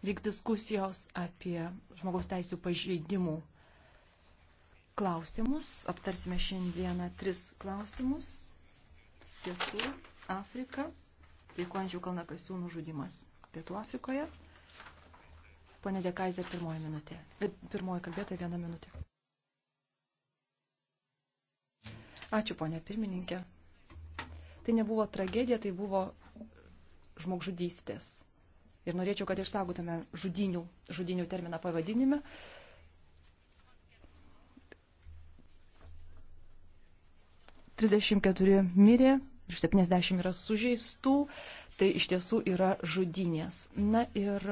vyks diskusijos apie žmogaus teisų pažeidimų klausimus. Aptarsime šiandieną tris klausimus. Pietų Afrika, Sveikuojančių kalnakasių nužudimas Pietų Afrikoje. Pane Dekaizė, pirmoji minutė. E, pirmoji kalbėta viena minutė. Ačiū, ponė pirmininkė. Tai nebuvo tragedija, tai buvo žmogžudystės ir norėčiau, kad išsaugotume žudinių, žudinių terminą pavadinime. Trisdešimt keturi mirė, iš septyniasdešimt yra sužeistų, tai iš tiesų yra žudinės. Na ir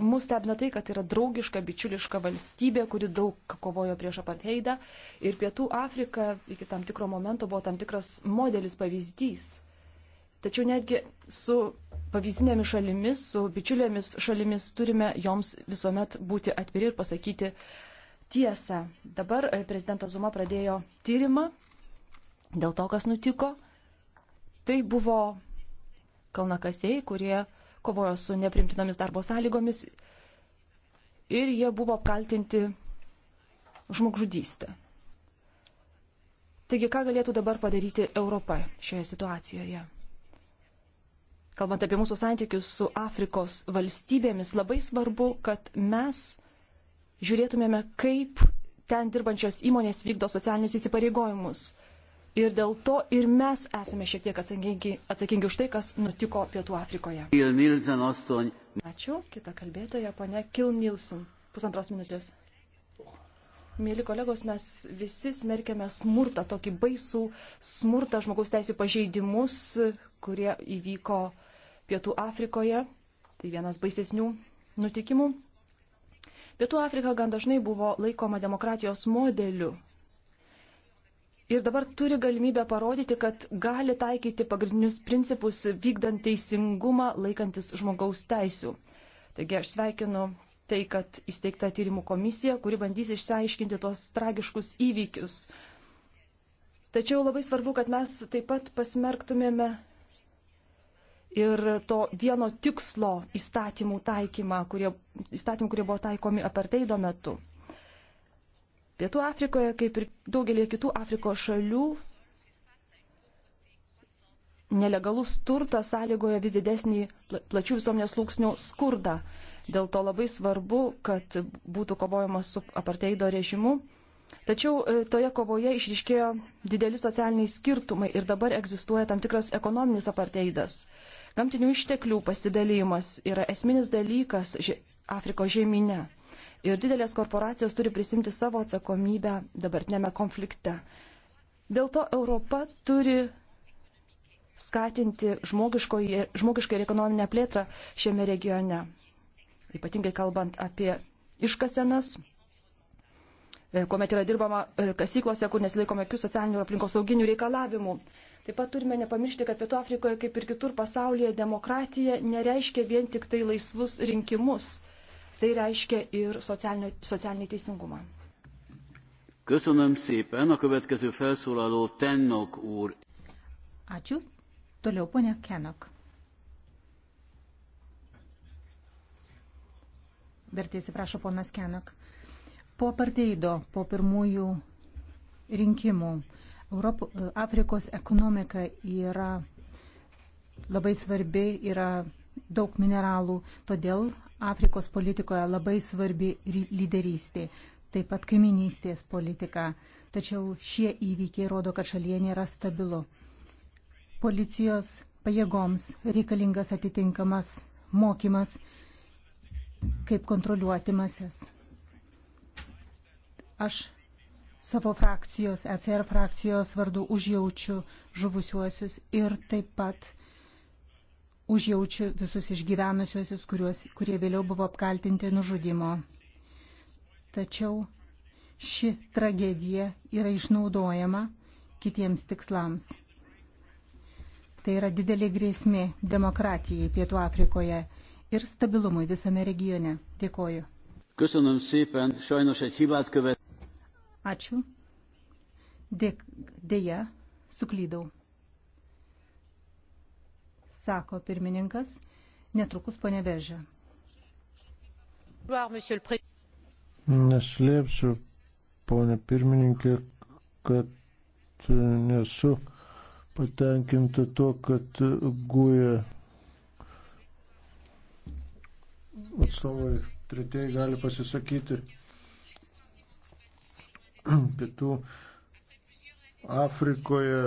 mus stebina tai, kad yra draugiška, bičiuliška valstybė, kuri daug kovojo prieš apartheidą. Ir Pietų Afrika iki tam tikro momento buvo tam tikras modelis pavyzdys Tačiau netgi su pavyzdinėmis šalimis, su bičiulėmis šalimis turime joms visuomet būti atviri ir pasakyti tiesą. Dabar e, prezidentas Zuma pradėjo tyrimą dėl to, kas nutiko. Tai buvo kalnakasiai, kurie kovojo su neprimtinomis darbo sąlygomis ir jie buvo apkaltinti žmogžudystę. Taigi, ką galėtų dabar padaryti Europa šioje situacijoje? kalbant apie mūsų santykius su Afrikos valstybėmis, labai svarbu, kad mes žiūrėtumėme, kaip ten dirbančios įmonės vykdo socialinius įsipareigojimus. Ir dėl to ir mes esame šiek tiek atsakingi, atsakingi už tai, kas nutiko Pietų Afrikoje. Ačiū. Kita kalbėtoja, ponia Kil Nilsson. Pusantros minutės. Mėly kolegos, mes visi smerkiame smurtą, tokį baisų smurtą, žmogaus teisų pažeidimus, kurie įvyko Pietų Afrikoje. Tai vienas baisesnių nutikimų. Pietų Afrika gan dažnai buvo laikoma demokratijos modeliu. Ir dabar turi galimybę parodyti, kad gali taikyti pagrindinius principus vykdant teisingumą laikantis žmogaus teisų. Taigi aš sveikinu tai, kad įsteigta tyrimų komisija, kuri bandys išsiaiškinti tos tragiškus įvykius. Tačiau labai svarbu, kad mes taip pat pasmerktumėme ir to vieno tikslo įstatymų taikymą, kurie, įstatymų, kurie buvo taikomi aparteido metu. Pietų Afrikoje, kaip ir daugelį kitų Afrikos šalių, nelegalus turtas sąlygoja vis didesnį plačių visuomenės lūksnių skurdą. Dėl to labai svarbu, kad būtų kovojama su aparteido režimu. Tačiau e, toje kovoje išriškėjo dideli socialiniai skirtumai ir dabar egzistuoja tam tikras ekonominis aparteidas. Gamtinių išteklių pasidalymas yra esminis dalykas Afrikos žemynė. Ir didelės korporacijos turi prisimti savo atsakomybę dabartinėme konflikte. Dėl to Europa turi skatinti žmogišką ir ekonominę plėtrą šiame regione. Ypatingai kalbant apie iškasenas, e, kuomet yra dirbama e, kasyklose, kur nesilaikome jokių socialinių ir aplinkos sauginių reikalavimų. Taip pat turime nepamiršti, kad Pietų Afrikoje, kaip ir kitur pasaulyje, demokratija nereiškia vien tik tai laisvus rinkimus. Tai reiškia ir socialinį teisingumą. Köszönöm szépen. A következő felszólaló Tennok úr. Ačiū. Toliau ponia Kenok. Vertė atsiprašo ponas Kenok. Po parteido, po pirmųjų rinkimų Europo, e, Afrikos ekonomika yra labai svarbi, yra daug mineralų, todėl Afrikos politikoje labai svarbi lyderystė, taip pat kaiminystės politika. Tačiau šie įvykiai rodo, kad šalyje nėra stabilu. Policijos pajėgoms reikalingas atitinkamas mokymas, kaip kontroliuoti mases. Aš savo frakcijos, ECR frakcijos vardu užjaučiu žuvusiuosius ir taip pat užjaučiu visus išgyvenusiuosius, kuriuos, kurie vėliau buvo apkaltinti nužudimo. Tačiau ši tragedija yra išnaudojama kitiems tikslams. Tai yra didelė grėsmė demokratijai Pietų Afrikoje ir stabilumui visame regione. Dėkoju. Köszönöm szépen, sajnos egy hibát követ. Ačiū. Dėk, dėja, suklydau. Sako pirmininkas, netrukus panevežė. Neslėpsiu, ponė pirmininkė, kad nesu patenkinta tuo, kad guja atstovai tretieji gali pasisakyti Pietų Afrikoje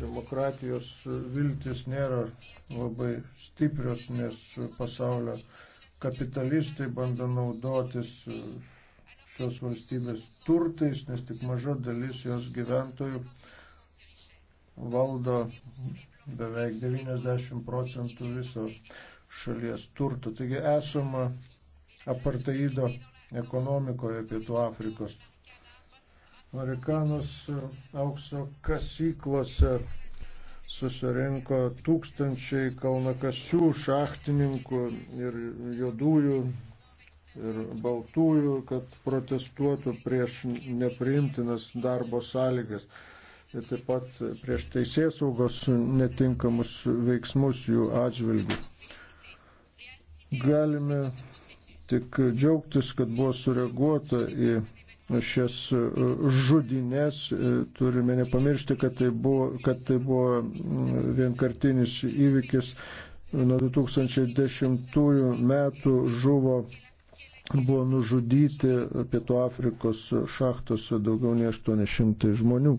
demokratijos viltis nėra labai stiprios, nes pasaulio kapitalistai bando naudotis šios valstybės turtais, nes tik maža dalis jos gyventojų valdo beveik 90 procentų viso šalies turto. Taigi esama apartaido ekonomikoje Pietų Afrikos. Marikanos e, aukso kasyklose susirinko tūkstančiai kalnakasių šachtininkų ir juodųjų ir baltųjų, kad protestuotų prieš nepriimtinas darbo sąlygas ir taip pat prieš teisės saugos netinkamus veiksmus jų atžvilgių. Galime tik džiaugtis, kad buvo sureaguota į šias e, žudinės. E, turime nepamiršti, kad tai buvo, kad tai buvo vienkartinis įvykis. Nuo 2010 metų žuvo, buvo nužudyti Pietų Afrikos šachtose daugiau nei 800 žmonių.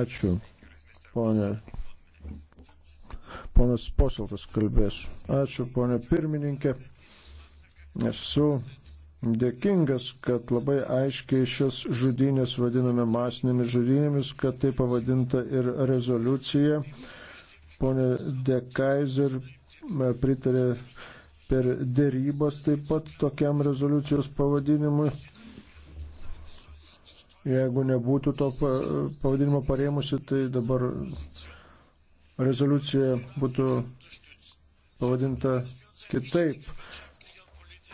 Ačiū, ponė Ponas Posiltas kalbės. Ačiū, ponė pirmininkė. Esu dėkingas, kad labai aiškiai šios žudynės vadiname masinėmis žudynėmis, kad tai pavadinta ir rezoliucija. Pone De Kaiser e, pritarė per dėrybas taip pat tokiam rezoliucijos pavadinimui. Jeigu nebūtų to pavadinimo paremusi, tai dabar rezoliucija būtų pavadinta kitaip.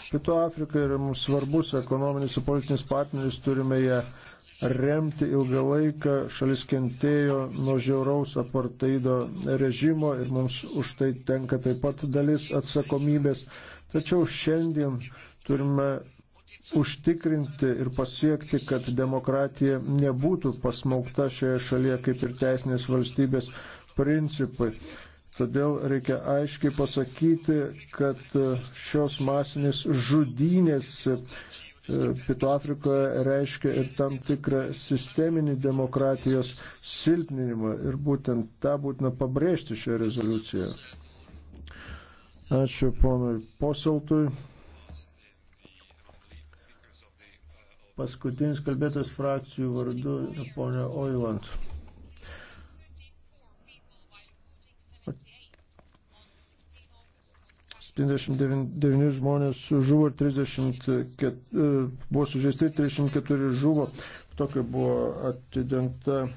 Pietų Afrika yra mums svarbus ekonominis ir politinis partneris, turime ją remti ilgą laiką, šalis kentėjo nuo žiauraus apartaido režimo ir mums už tai tenka taip pat dalis atsakomybės. Tačiau šiandien turime užtikrinti ir pasiekti, kad demokratija nebūtų pasmaukta šioje šalyje kaip ir teisinės valstybės principai. Todėl reikia aiškiai pasakyti, kad šios masinės žudynės e, Pietų Afrikoje reiškia ir tam tikrą sisteminį demokratijos silpninimą. Ir būtent tą būtina pabrėžti šioje rezoliucijoje. Ačiū ponui Poseltui. Paskutinis kalbėtas frakcijų vardu ponia Oiland. 79 žmonės žuvo ir 34, e, buvo sužeisti, 34 žuvo. Tokia buvo atidengta e,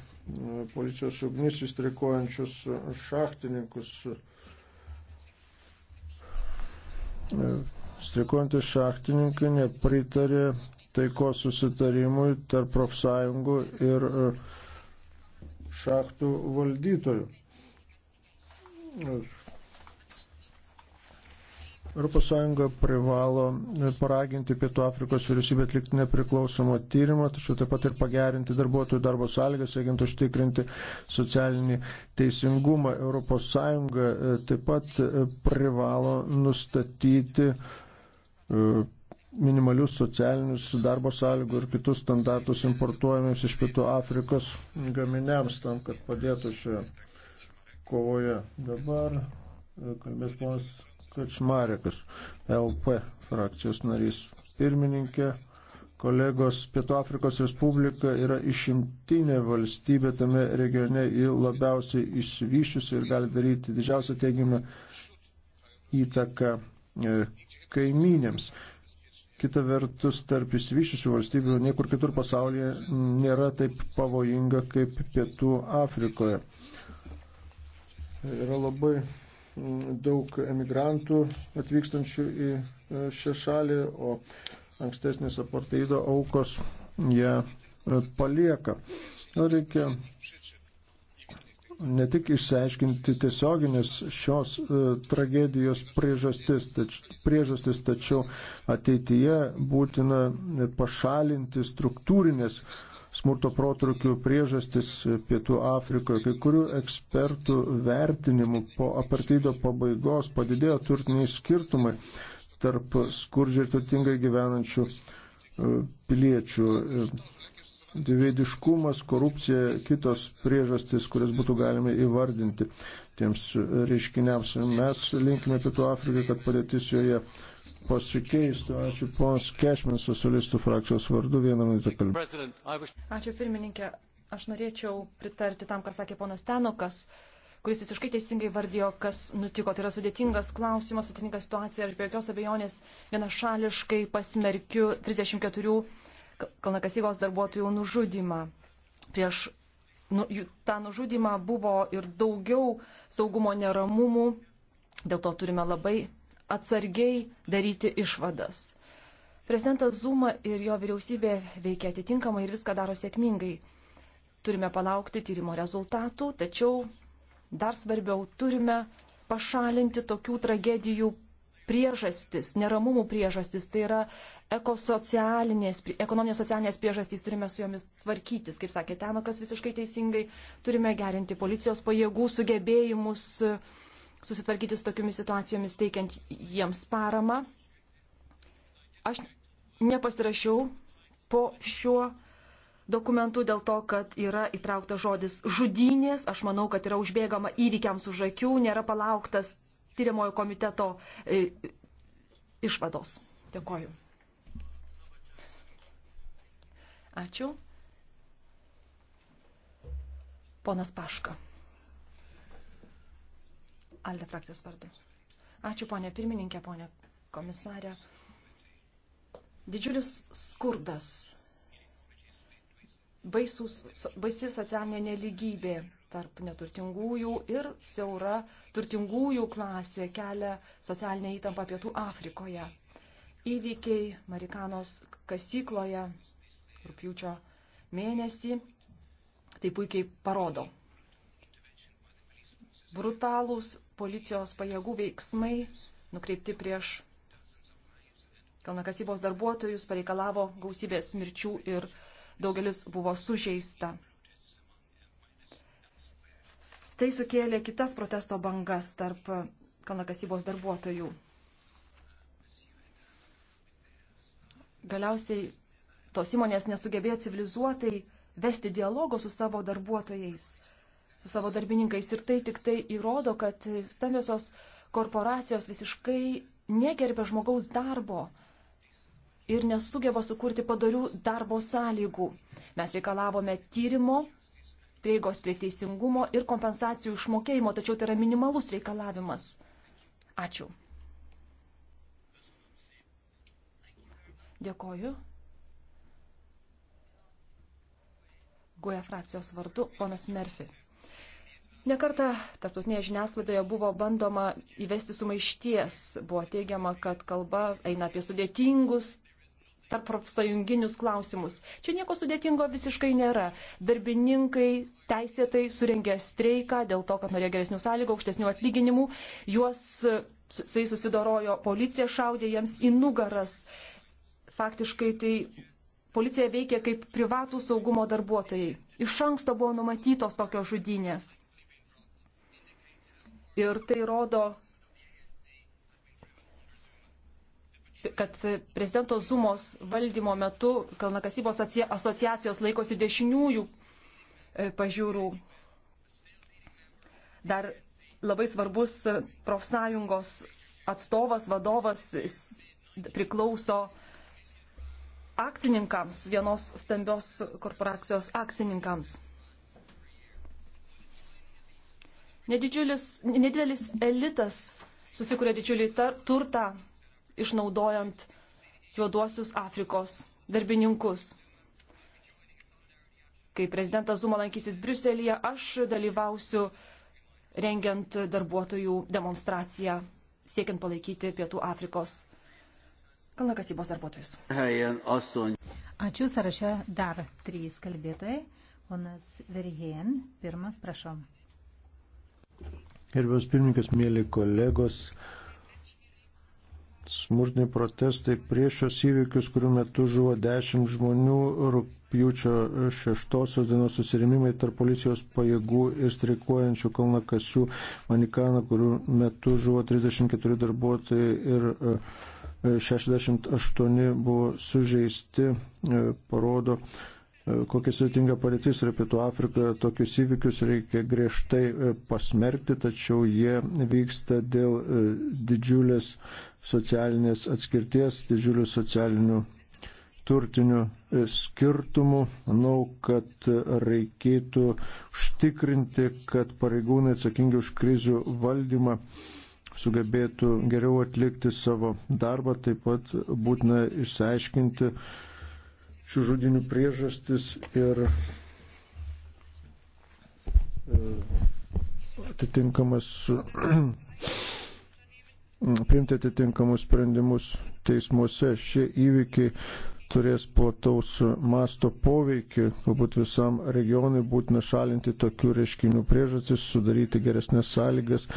policijos ugnis įstrikuojančius šachtininkus. E, Strikuojantis šachtininkai nepritarė taikos susitarimui tarp profsąjungų ir šachtų valdytojų. ES privalo e, paraginti Pietų Afrikos vyriausybę atlikti nepriklausomą tyrimą, tačiau taip pat ir pagerinti darbuotojų darbo sąlygas, siekiant užtikrinti socialinį teisingumą. ES e, taip pat e, privalo nustatyti minimalius socialinius darbo sąlygų ir kitus standartus importuojamiems iš Pietų Afrikos gaminiams tam, kad padėtų šioje kovoje. Dabar kalbės ponas Kačmarekas, LP frakcijos narys, pirmininkė, kolegos Pietų Afrikos Respublika yra išimtinė valstybė tame regione, ji labiausiai išsivyšiusi ir gali daryti didžiausią teigiamą įtaką e, kaimynėms. Kita vertus, tarp išsivyščiusių valstybių niekur kitur pasaulyje nėra taip pavojinga kaip Pietų Afrikoje. Yra labai daug emigrantų atvykstančių į e, šią šalį, o ankstesnės aparteido aukos ją e, palieka. Reikia ne tik išsiaiškinti tiesioginės šios e, tragedijos priežastis, tač, priežastis, tačiau ateityje būtina pašalinti struktūrinės smurto protrukių priežastis Pietų Afrikoje. Kai kurių ekspertų vertinimų po apartydo pabaigos padidėjo turtiniai skirtumai tarp skurdžiai ir turtingai gyvenančių e, piliečių. E, Dvidiškumas, korupcija, kitos priežastis, kurias būtų galima įvardinti tiems reiškiniams. Mes linkime Pietų Afrikai, kad padėtis joje pasikeistų. Ačiū ponas Kešminas, socialistų frakcijos vardu, vieną minutę kalbėti. Ačiū pirmininkė. Aš norėčiau pritarti tam, ką sakė ponas Tenokas, kuris visiškai teisingai vardijo, kas nutiko. Tai yra sudėtingas klausimas, sudėtinga situacija ir be jokios abejonės vienašališkai pasmerkiu 34 kalnakasygos darbuotojų nužudimą. Prieš nu, jų, tą nužudimą buvo ir daugiau saugumo neramumų, dėl to turime labai atsargiai daryti išvadas. Prezidentas Zuma ir jo vyriausybė veikia atitinkamai ir viską daro sėkmingai. Turime palaukti tyrimo rezultatų, tačiau dar svarbiau turime pašalinti tokių tragedijų priežastis, neramumų priežastis, tai yra ekosocialinės, ekonominės socialinės priežastys, turime su jomis tvarkytis, kaip sakė Tenokas visiškai teisingai, turime gerinti policijos pajėgų sugebėjimus uh, susitvarkyti su tokiomis situacijomis, teikiant jiems paramą. Aš nepasirašiau po šiuo dokumentu dėl to, kad yra įtraukta žodis žudynės. Aš manau, kad yra užbėgama įvykiams už akių, nėra palauktas tyriamojo komiteto e, išvados. Dėkoju. Ačiū. Ponas Paška. Alde frakcijos vardu. Ačiū, ponė pirmininkė, ponė komisarė. Didžiulis skurdas, baisus, baisi socialinė neligybė tarp neturtingųjų ir siaura turtingųjų klasė kelia socialinę įtampą pietų Afrikoje. Įvykiai Marikanos kasykloje rūpjūčio mėnesį tai puikiai parodo brutalūs policijos pajėgų veiksmai nukreipti prieš kalnakasybos darbuotojus pareikalavo gausybės mirčių ir daugelis buvo sužeista. Tai sukėlė kitas protesto bangas tarp kalnakasybos darbuotojų. Galiausiai tos įmonės nesugebėjo civilizuotai vesti dialogo su savo darbuotojais su savo darbininkais. Ir tai tik tai įrodo, kad stambiosios korporacijos visiškai negerbia žmogaus darbo ir nesugeba sukurti padarių darbo sąlygų. Mes reikalavome tyrimo, prieigos prie teisingumo ir kompensacijų išmokėjimo, tačiau tai yra minimalus reikalavimas. Ačiū. Dėkoju. Guja frakcijos vardu, ponas Merfi. Nekarta tarptautinėje žiniasklaidoje buvo bandoma įvesti sumaišties. Buvo teigiama, kad kalba eina apie sudėtingus tarp profsąjunginius klausimus. Čia nieko sudėtingo visiškai nėra. Darbininkai teisėtai surengė streiką dėl to, kad norėjo geresnių sąlygų, aukštesnių atlyginimų. Juos su jais susidorojo policija, šaudė jiems į nugaras. Faktiškai tai policija veikė kaip privatų saugumo darbuotojai. Iš anksto buvo numatytos tokios žudynės. Ir tai rodo, kad prezidento Zumos valdymo metu Kalnakasybos asociacijos laikosi dešiniųjų e, pažiūrų. Dar labai svarbus profsąjungos atstovas, vadovas priklauso akcininkams, vienos stambios korporacijos akcininkams. Nedidelis elitas susikuria didžiulį turtą, išnaudojant juoduosius Afrikos darbininkus. Kai prezidentas Zuma lankysis Briuselėje, aš dalyvausiu rengiant darbuotojų demonstraciją, siekiant palaikyti Pietų Afrikos kalnakasybos darbuotojus. Ačiū, sąraše dar trys kalbėtojai. Ponas Verhien, pirmas, prašom. Gerbiamas pirmininkas, mėly kolegos, smurtiniai protestai prieš šios įvykius, kurių metu žuvo dešimt žmonių, rūpjūčio šeštosios dienos susirimimai tarp policijos pajėgų ir streikuojančių kalnakasių manikana, kurių metu žuvo 34 darbuotojai ir 68 e, buvo sužeisti, e, parodo E, kokia sudėtinga padėtis yra Pietų Afrikoje, tokius įvykius reikia griežtai e, pasmerkti, tačiau jie vyksta dėl e, didžiulės socialinės atskirties, didžiulių socialinių turtinių skirtumų. Manau, kad reikėtų užtikrinti, kad pareigūnai atsakingi už krizių valdymą sugebėtų geriau atlikti savo darbą, taip pat būtina išsiaiškinti, šių žudinių priežastis ir e, atitinkamas priimti atitinkamus sprendimus teismuose. Šie įvykiai turės plataus masto poveikį, galbūt visam regionui būtina šalinti tokių reiškinių priežastis, sudaryti geresnės sąlygas,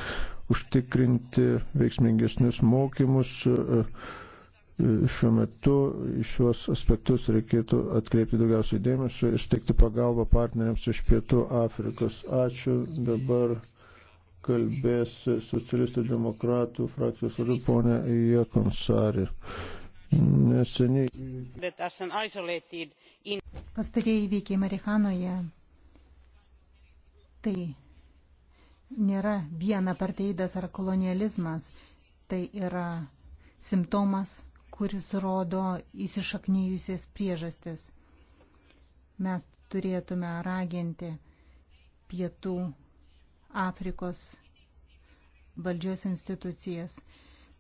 užtikrinti veiksmingesnius mokymus, e, šiuo metu šiuos aspektus reikėtų atkreipti daugiausiai dėmesio ir steigti pagalbą partneriams iš Pietų Afrikos. Ačiū. Dabar kalbės socialistų demokratų frakcijos vadovė ponė Jekonsari. Neseniai. Pastarėjai įvykiai Marihanoje. Tai nėra viena parteidas ar kolonializmas, tai yra simptomas kuris rodo įsišaknyjusias priežastis. Mes turėtume raginti pietų Afrikos valdžios institucijas,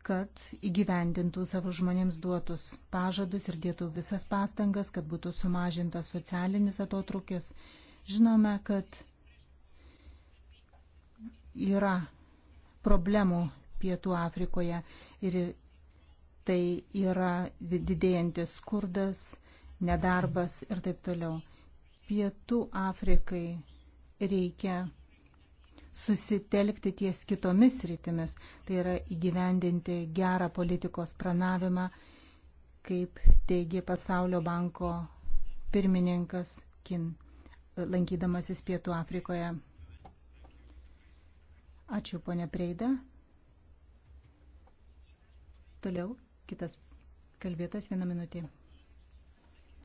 kad įgyvendintų savo žmonėms duotus pažadus ir dėtų visas pastangas, kad būtų sumažintas socialinis atotrukis. Žinome, kad yra problemų Pietų Afrikoje ir tai yra didėjantis skurdas, nedarbas ir taip toliau. Pietų Afrikai reikia susitelkti ties kitomis rytimis, tai yra įgyvendinti gerą politikos pranavimą, kaip teigia Pasaulio banko pirmininkas Kin, lankydamasis Pietų Afrikoje. Ačiū, ponia Preida. Toliau. Kitas kalbėtas vieną minutį.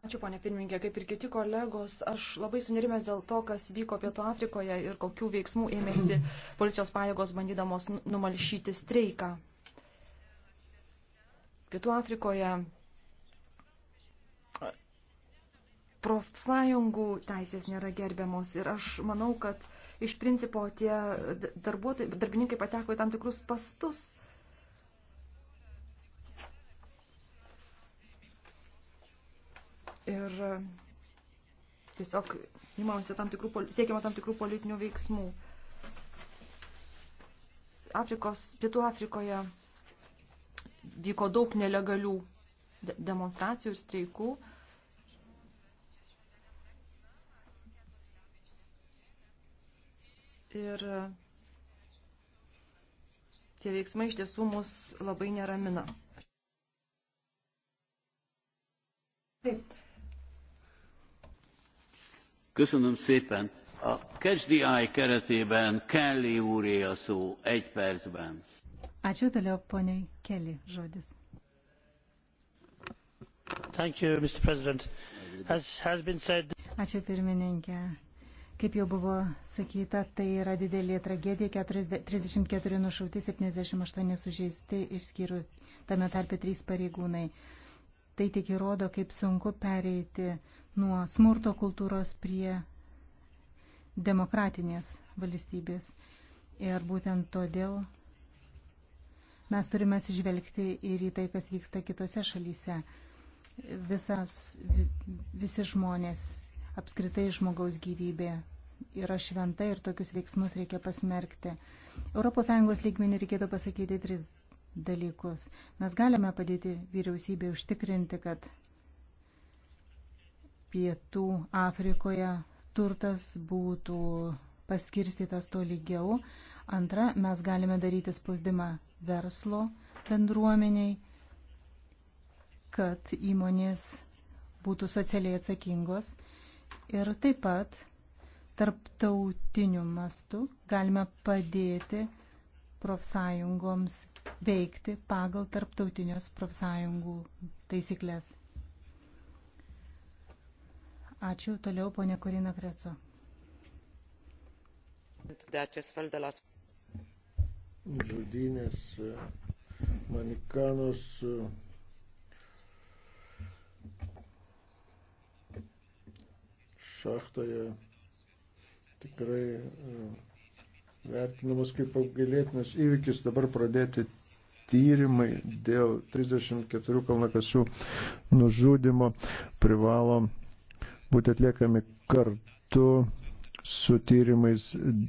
Ačiū, ponė pirmininkė, kaip ir kiti kolegos, aš labai sunerimęs dėl to, kas vyko Pietų Afrikoje ir kokių veiksmų ėmėsi policijos pajėgos bandydamos numalšyti streiką. Pietų Afrikoje profsąjungų teisės nėra gerbiamos ir aš manau, kad iš principo tie darbininkai pateko į tam tikrus pastus Ir e, tiesiog imamasi tam tikrų, siekiama tam tikrų politinių veiksmų. Afrikos, Pietų Afrikoje vyko daug nelegalių demonstracijų ir streikų. Ir e, tie veiksmai iš tiesų mus labai neramina. Taip. Köszönöm szépen. A KSDI keretében Kelly úré a szó egy percben. Ačiū toliau poniai Kelly žodis. Thank you, Mr. President. As has been said... Ačiū pirmininkė. Kaip jau buvo sakyta, tai yra didelė tragedija, 34 nušauti, 78 sužeisti, išskyrus tame tarpe 3 pareigūnai. Tai tik įrodo, kaip sunku pereiti nuo smurto kultūros prie demokratinės valstybės. Ir būtent todėl mes turime atsižvelgti ir į tai, kas vyksta kitose šalyse. Visas, visi žmonės, apskritai žmogaus gyvybė yra šventa ir tokius veiksmus reikia pasmerkti. ES lygmenį reikėtų pasakyti tris dalykus. Mes galime padėti vyriausybė užtikrinti, kad pietų Afrikoje turtas būtų paskirstytas tolygiau. Antra, mes galime daryti spausdimą verslo bendruomeniai, kad įmonės būtų socialiai atsakingos. Ir taip pat tarptautiniu mastu galime padėti profsąjungoms veikti pagal tarptautinės profsąjungų taisyklės. Ačiū. Toliau ponė Korina Kreco. Žudynės Manikanos šachtoje tikrai e, vertinamas kaip apgailėtinas įvykis dabar pradėti tyrimai dėl 34 kalnakasių nužudimo privalo būti atliekami kartu su tyrimais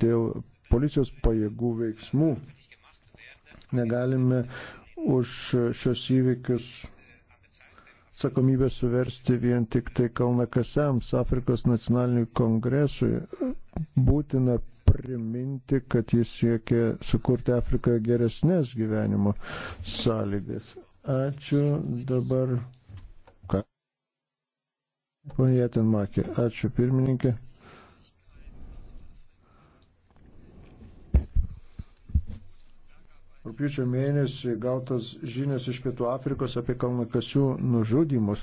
dėl policijos pajėgų veiksmų. Negalime už šios įvykius atsakomybę suversti vien tik tai kalnakasiams Afrikos nacionaliniui kongresui. Būtina priminti, kad jis siekia sukurti Afrikoje geresnės gyvenimo sąlygas. Ačiū dabar. Ką? Pone Jatinmakė, ačiū pirmininkė. Rūpiučio mėnesį gautas žinias iš Pietų Afrikos apie kalnakasių nužudymus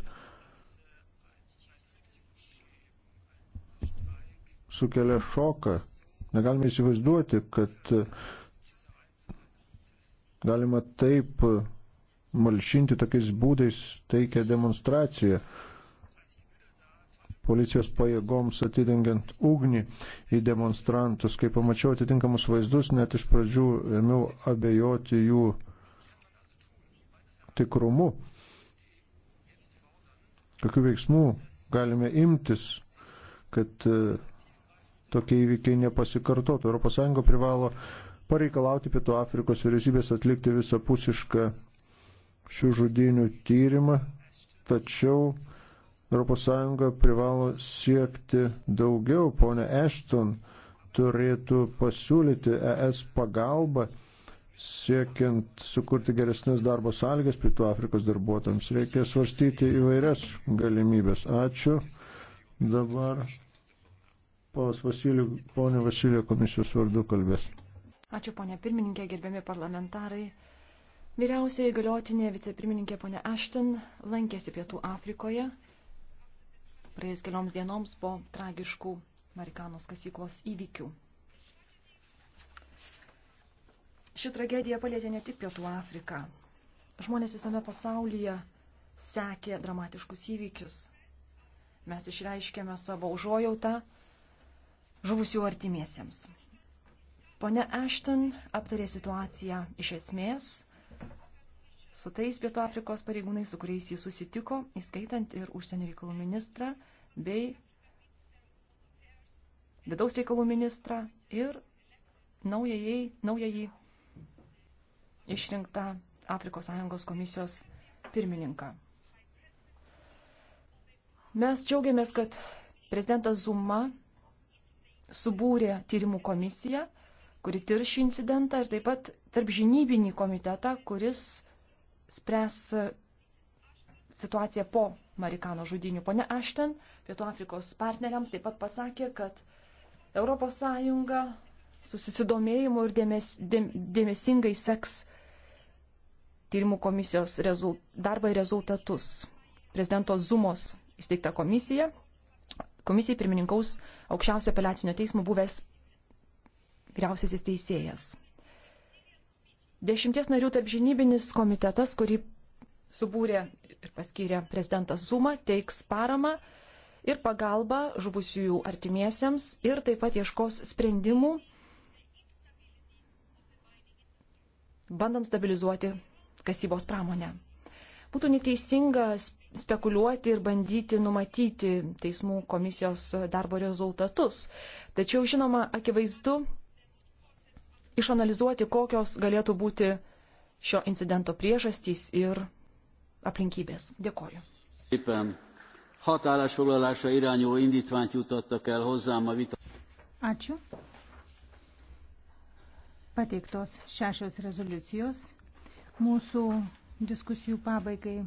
sukelia šoką Negalime įsivaizduoti, kad e, galima taip e, malšinti tokiais būdais teikia demonstraciją policijos pajėgoms atidengiant ugnį į demonstrantus. Kai pamačiau atitinkamus vaizdus, net iš pradžių ėmiau abejoti jų tikrumu. Kokių veiksmų galime imtis, kad e, tokie įvykiai nepasikartotų. ES privalo pareikalauti Pietų Afrikos vyriausybės atlikti visapusišką šių žudinių tyrimą, tačiau ES privalo siekti daugiau. Pone Ešton turėtų pasiūlyti ES pagalbą siekiant sukurti geresnės darbo sąlygas Pietų Afrikos darbuotojams. Reikia svarstyti įvairias galimybės. Ačiū. Dabar Pone Vasiliu komisijos vardu kalbės. Ačiū, ponė pirmininkė, gerbiami parlamentarai. Vyriausiai galiotinė vicepirmininkė ponė Ashton lankėsi Pietų Afrikoje praėjus kelioms dienoms po tragiškų Marikanos kasyklos įvykių. Ši tragedija palėtė ne tik Pietų Afriką. Žmonės visame pasaulyje sekė dramatiškus įvykius. Mes išreiškėme savo užuojautą žuvusių artimiesiems. Pone Ashton aptarė situaciją iš esmės su tais Pietų Afrikos pareigūnais, su kuriais jis susitiko, įskaitant ir užsienio reikalų ministrą bei vidaus reikalų ministrą ir naujai, naujai išrinktą Afrikos Sąjungos komisijos pirmininką. Mes džiaugiamės, kad prezidentas Zuma subūrė tyrimų komisiją, kuri tir šį incidentą ir taip pat tarp žinybinį komitetą, kuris spręs situaciją po Marikano žudinių. Pone Ashton Pietų Afrikos partneriams taip pat pasakė, kad ES su susidomėjimu ir dėmes, dėm, dėmesingai seks tyrimų komisijos rezult, darbą ir rezultatus. Prezidento Zumos įsteigta komisija komisijai pirmininkaus aukščiausio apeliacinio teismo buvęs vyriausiasis teisėjas. Dešimties narių tarpžinybinis komitetas, kurį subūrė ir paskyrė prezidentas Zuma, teiks paramą ir pagalbą žuvusiųjų artimiesiems ir taip pat ieškos sprendimų, bandant stabilizuoti kasybos pramonę. Būtų neteisingas spekuliuoti ir bandyti numatyti teismų komisijos darbo rezultatus. Tačiau, žinoma, akivaizdu išanalizuoti, kokios galėtų būti šio incidento priežastys ir aplinkybės. Dėkoju. Ačiū. Pateiktos šešios rezoliucijos mūsų diskusijų pabaigai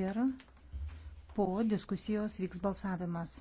ir po diskusijos vyks balsavimas.